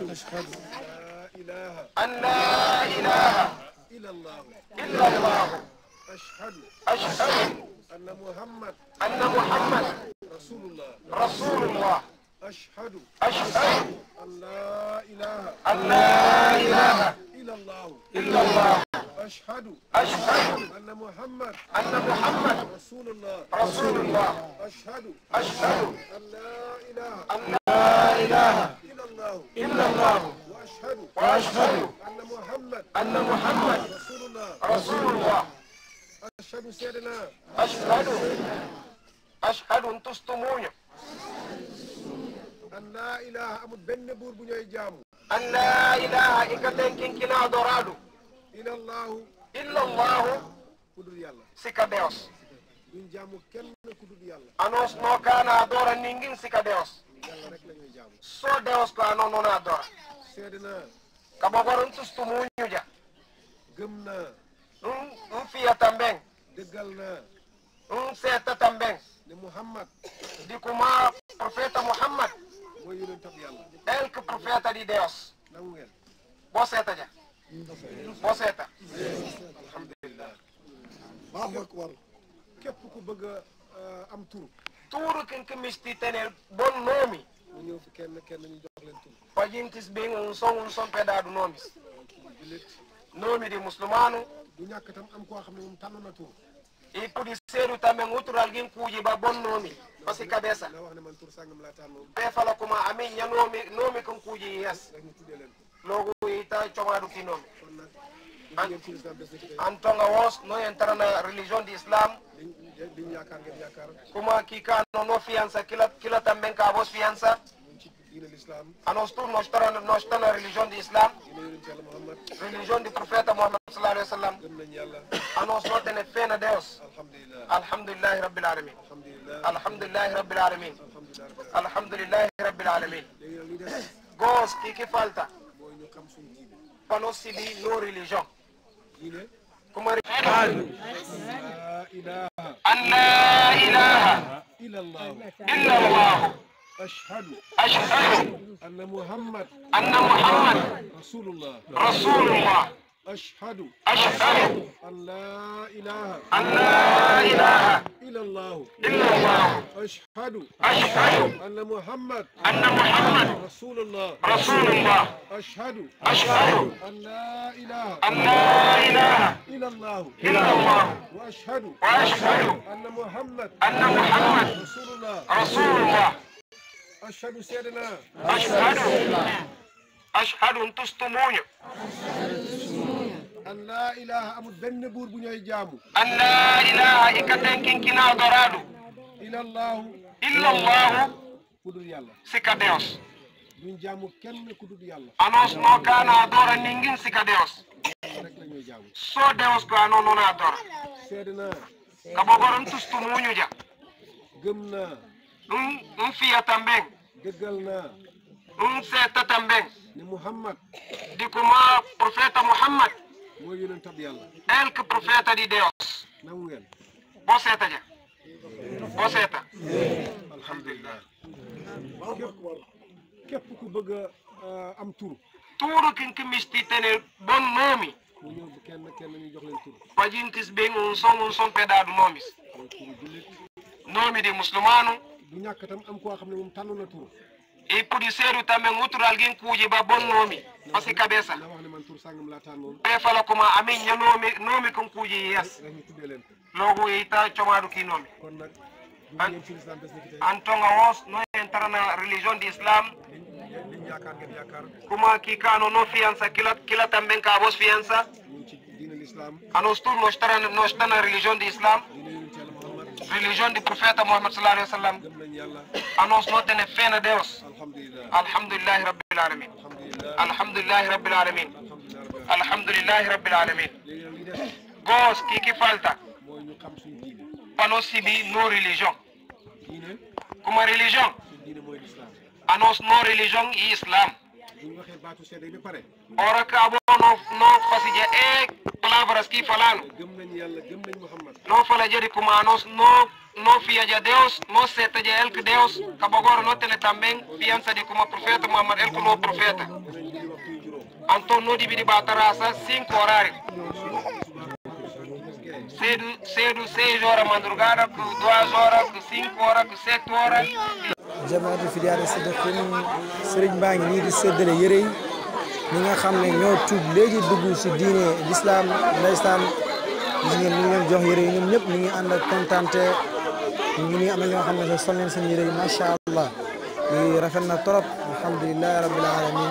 أشهد أن لا إله إلا الله إلا الله أشهد أشهد أن محمد أن محمد رسول الله رسول الله أشهد أشهد أن لا إله أن لا إله إلا الله إلا الله أشهد أشهد أن محمد أن محمد رسول الله رسول الله أشهد أشهد أن لا إله أن لا إله الله إلا الله وأشهد وأشهد أن محمد أن محمد رسول الله رسول الله أشهد سيدنا أشهد أشهد أن تستموني أن لا إله الا الله بن بور بو بني جامو أن لا إله إكتن كن كنا دورادو إلا الله إلا الله كودو يالله سيكا ديوس دون جامو كن كدر يالله أنوس نوكانا دورا نينجين سكا ديوس yàlla rek la ñuy jaamu so deos la non non adora seede naa kama um tambeng dëggal naa um tambeng muhammad di kuma profeta muhammad mooy yonentab profeta di deos nangu aja? boo seeta ja boo seeta alhamdulillah allahu akbar képp ku bëgg am tuuru kinkimistitenel bonnoomi ñoofi kenn kenn ñu jox leen tur fajintis ɓe on songun sompeɗaɗu noomis noomidi muslimanu du ñàkk tam am koo xam ne moom tànn na tur i kudi seeɗu tamen hutural gin kuuji ba bonnoomi pasi kabeesa ɓe fala kuma amin ña noomi noomi kon kuuji yes logu ita comaɗu kinoomi en an tonga wos no yentarana religion d'islam di islam kuma kika no no fiansa kila kila tamben ka wos fiansa ano stu no stara no stara religion d'islam islam religion du prophète muhammad sallallahu alaihi wasallam ano stu fin de deus alhamdulillah rabbil alamin alhamdulillah rabbil alamin alhamdulillah rabbil alamin gos kiki falta pano sidi no religion كما أشهد أن أشهد أن محمد أن محمد رسول الله رسول الله أشهد أشهد أن لا إله أن لا إله إلا الله إلا الله أشهد أشهد أن محمد أن محمد رسول الله رسول الله أشهد أشهد أن لا إله أن لا إله إلا الله إلا الله وأشهد وأشهد أن محمد أن محمد رسول الله رسول الله أشهد سيدنا أشهد أشهد أن تستموني Allah la ilaha amul benn buur bu ñooy jaamu an la ilaha ikaten kinkina doradu ilallahu illallahu kudul yalla sika deos ñun jaamu kenn kudul yalla anos no kana dora ningin sika deos rek lañuy so deus ko nona non adora sedna kabogoron tustu muñu ja gëmna dum dum fiya tambeng deugal na dum seta tambeng ni muhammad dikuma profeta muhammad mooy que profeta de Deus Boceta já. Boceta. Alhamdulillah. Tudo que me alhamdulilah képp ku bëgg a eh, turu e pudi seeru também outro alguém kuuji ba bon noomi parce man tur sangam laa tànnoon ɓe fala kuma amin ya noomi noomi konkuuji yes loogu yita comaadu kii noomi an tonga wos no en tarana religion d' islam kuma kii kaano no fiyansa kila kila tamben kaa bos fiyansa anos tur nos tara nos tana religion d' islam religion du prophète Mohammed sallallahu alayhi wa sallam annonce note ne feena deos alhamdulillahi rabbil alamin alhamdulillahi rabbil alamin Alhamdulillah, rabbil alamin Gos, que que falta pano sibi no religion religião? A annonce no religião yi islam ora ka bo não no fasija e palavras falaram. Não falaria de como a annonce no no fia de Deus, no seta de el que Deus, cabagora não tem também, fiança de como profeta, Muhammad el que profeta. anto nodi bidi batarasa sin korari sedu sedu seis horas madrugada com duas horas com cinco horas com sete horas jamaatu filiale serigne di sedele yëre yi nga xam ne dugu tuub Islam, Islam si diine l'islam ndeysaan gis ngeen ñu leen jox yëre yi ñoom ñëpp ngi ak allah yi rafet na Alhamdulillah, rabbil alamin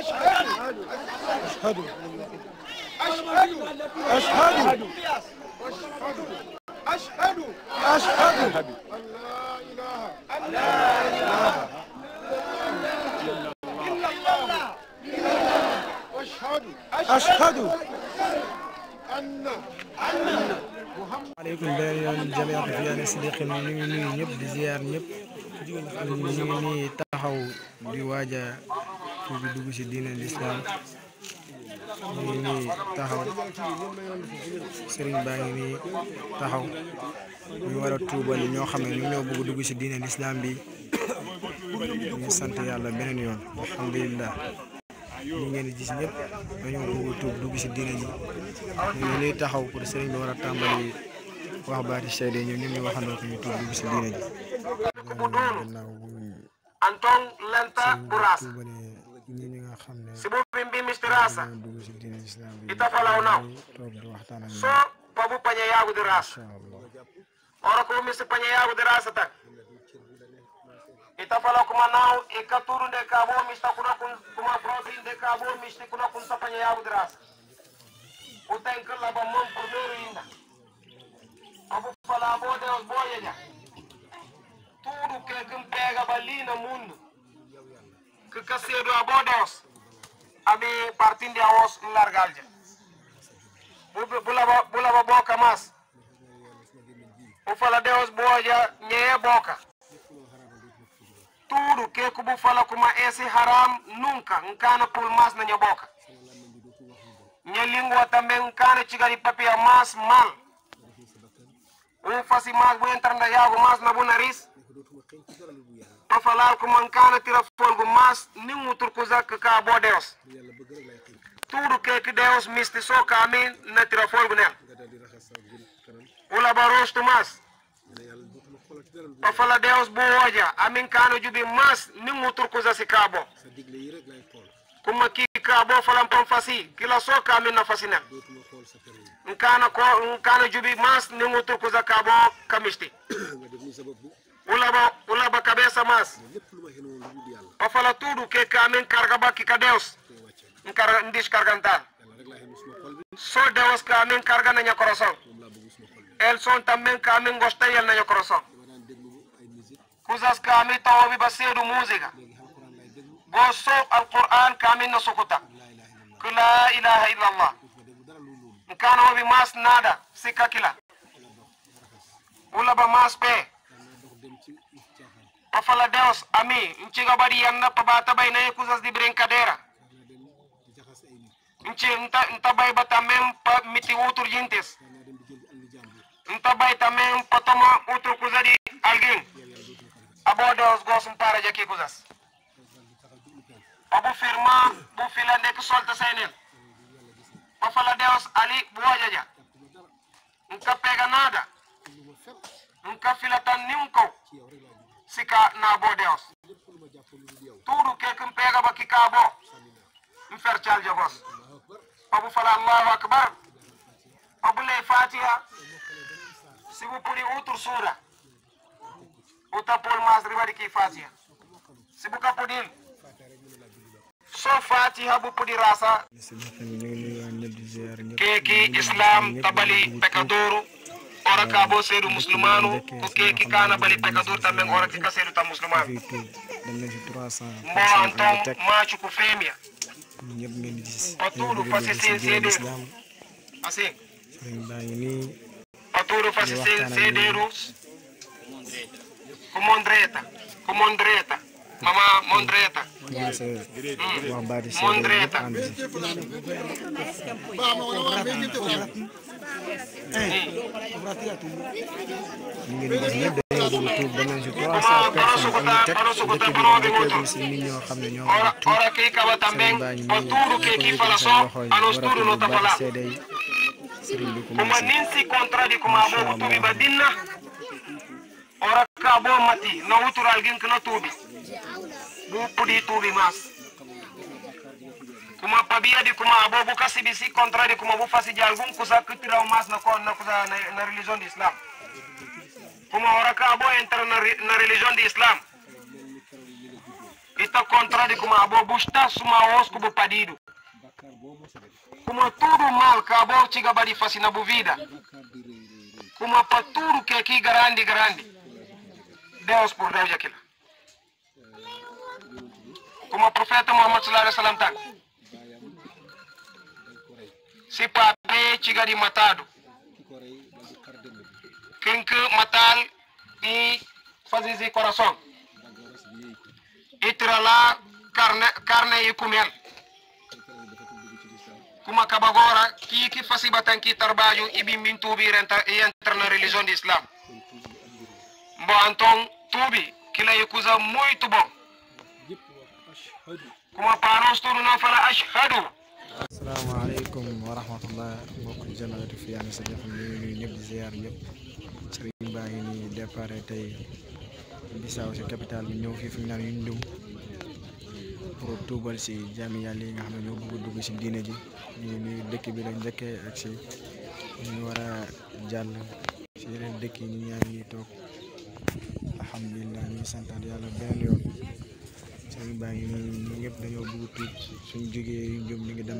أشهدوا أشهدوا أشهدوا أشهدوا أشهدوا أن لا إله أن لا إله إلا الله أشهدوا أشهدوا أن أن محمد عليكم باري الجميع ديال صديقي من يب زيار يب ñu ngi nii taxaw di waaj ku bi dugg ci diine lislaam ñu nii taxaw sëriñ baa ngi nii taxaw ñu war a tuubali ñoo ñu ñoo bëgg dugg ci diine lislaam bi ñu sant yàlla beneen yoon alhamdulilah ñu ngeen di gis ñëpp dañoo bëgg tuub dugg ci diine ji ñu ngi nii taxaw pour sëriñ bi war a tàmbali wax baati seede ñu ñoom ñu waxandoo ko ñu tuub dugg ci diine ji. Anton Lenta Buras. se o não. só sibubin bimistirasa itafalawnaw so pabu pañayagude rasa oro ko misi pañayagude rasa tak itafala kuma naw ikaturunde kabo mista kuna kun kuma protinde kabo misti kuna kun que pañayagude rasa utenklaba mon primero falar abu falabode os já. tudo que quem pega balina mundo que do abodos abe partinde awos largar je bula bula boca mas o fala deos boja nyeye boca tudo que eu vou falar com esse haram nunca nkana por mais na minha minha boca, língua também tambe nkana chigari papia mas mal u fasi mais bu entrar na água mas na bu nariz a falar com mancana tira fogo, mas nenhuma outro coisa que acabou Deus. Tudo que, é que Deus me só caminho não tira fogo nela. Né? O labarosto Tomás. Para falar Deus boa hoje, a mim cano jubi, mas nenhuma outro coisa se acabou. Como aqui acabou falando para faci, que lá só caminho na fascina. Né? Um cano jubi, mas nenhuma outro coisa acabou, camiste. ulaba ulaba cabeça mas afala tudo que camin carga ba ki ka deus nkarga ndis karganta so deus kamin carga mi corazón. el son também kamin gostayel na nyakoroson kuzas música. tawabi al musica gosso al Quran na Que la ilaha illallah nkana wabi mas nada sikakila ulaba más pe o fala Deus a mim nci bariana para bater bem na kusas de brincadeira nci nta nta bai ba também pa miti outro gentes nta bai também para tomar outro coisa de alguém boa Deus um para já que coisas abo firma bo filande que solta ele. o fala Deus ali boa já já nunca pega nada nkafilatan nimko sika naabo deos tuudu kekum peega ba kikaabo mfercal jabos obu fala allahu akbar obu ley fatiha sibu puri utur sura uta pol mas ribadi ki fatiha sibu kapudil so fatiha bu pudi rasa keki islam tabali pekadoru Ora acabou sendo muçulmano, porque que cana bali pecador também, ora que cacete está muçulmano. Bom, então, macho com fêmea. Patudo faz sem cedeiro. Assim. Patudo faz em cedeiros. Com mondreta. Com mondreta. Mamá, mondreta. Mondreta. Mondreta. ñu ngi nuyu ñëpp dañoo gëm tuub ba même si trois cent personnes am na teg dëkk bi dañu koy gëm si a tuub sëriñ Ba ñu ngi ñu ko joxe loxo yi war a tuub ba seede yi sëriñ bi commencé macha allah. o rakka bo mati no mas como kuma pabia di kuma abobu kasi bisi de como kuma bufasi de algum coisa que umas na kon na kusa na, na religion di Islam. ora que abo entra na, na religion di Islam. Ita kontra di kuma abobu sta suma como o padido como tudo mal que abo para badi fazer na bu vida. a paturu que aqui grande grande Deus por Deus aquilo. Como o profeta Muhammad sallallahu alaihi wasallam tá si pape cigadi matado kinke matal i fazizi coração itrala carne carne e cumel kuma kabagora ki ki fasibatan ki tarbajo ibi min tubi renta e entra na religião de islam mbo anton tubi kila ikuza muito bom kuma panos tudo não fala ashhadu assalamu alaikum wa rahmatullah mbokk jënati fi yàlla sa jëf ñu nuyu ñëpp di ziar ñëpp sëriñ baa ngi nii départ tey bisaaw si capital bi ñëw fii fi ñu ini yuñ ndum pour tuubal si jaami yàlla yi nga xam ne ñoo bëgg dugg si diine ji ñu nuyu dëkk bi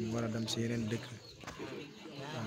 lañ njëkkee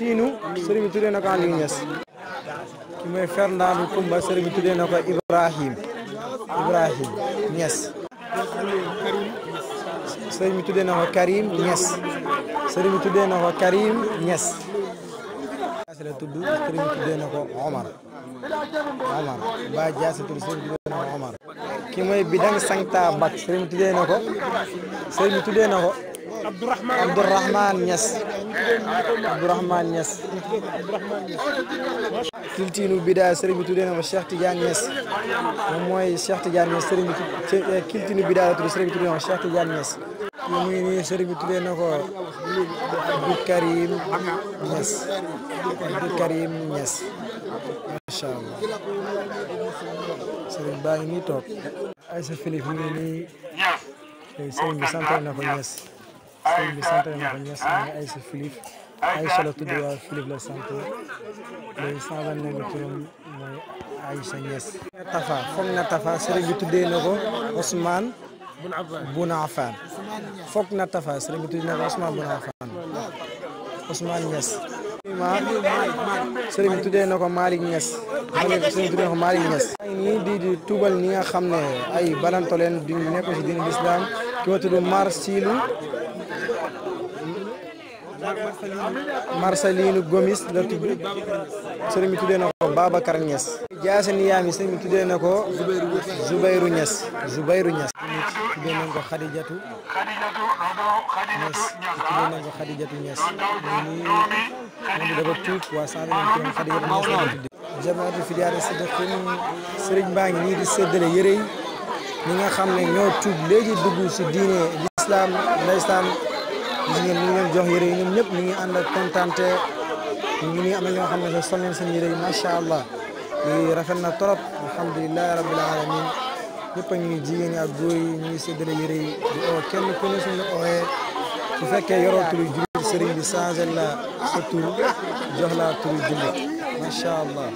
siinu sëriñ bi tuddee na ko Aliou Niass ki mooy Fernando Kumba sëriñ bi tuddee na ko Ibrahim Ibrahim Niass tuddee na ko Karim Niass sëriñ tuddee na ko Karim Niass jaase la tudd tuddee na ko Omar Omar ba jaase tudd sëriñ tuddee na ko Omar ki mooy Bidang Sangta Bak sëriñ tuddee na ko Abdurrahman Niass Abdourahman Niass kiltinu bida sëriñ bi tuddee na ma Cheikh Tidiane Niass Yes, mooy Cheikh Tidiane Niass sëriñ bi eh, kiltinu bida la tudd sëriñ bi tuddee na ma Cheikh Tidiane Niass mu ngi nii sëriñ bi Karim Niass Abdou Karim Niass masha Allah sëriñ baa ini nii toog Aïssa ini, mu ngi nii sëriñ Yes. santal sëñ bi sant nañ ko ñu sant Philippe Aïssa la tudd Philippe la sant léegi cent vingt neuf turam mooy Tafa foog na Tafa sëriñ bi tuddee na ko Ousmane Bouna Affan na Tafa sëriñ bi tuddee na ko Ousmane Bouna Affan Ousmane Niass sëriñ bi tuddee na ko Malick Niass sëriñ di di tuubal ñi nga ay Mar Marcelino Gomis la tudd serigne bi nako Babacar Niass jaasani yami serigne bi nako zubairu ko Zubairu Niass Zubairu Niass tuddee nañ ko Khadijatu Niass tuddee nañ Khadijatu Niass ni ni dafa tuub wa saana nañ ko Khadijatu Niass la tudd jamaatu fidiyaare sadaqin sëriñ baa ngi di séddale yëre ni nga xam ñoo tuub léegi dugg ci diine l'islam l'islam gis ngeen ñu ngi jox yére yi ñoom ñëpp ñu ngi ànd ak kontante ñu ngi am ñoo xam ne sol nañ seen yére yi macha allah rafet na trop alhamdulilah rabbil alamin ñëpp a ngi jigéen ñi ñu ngi séddale yére yi di oo kenn ku ne suñu ooyee su fekkee yoroo turu jullit sëriñ bi changé la sa tur jox la turu jullit macha allah.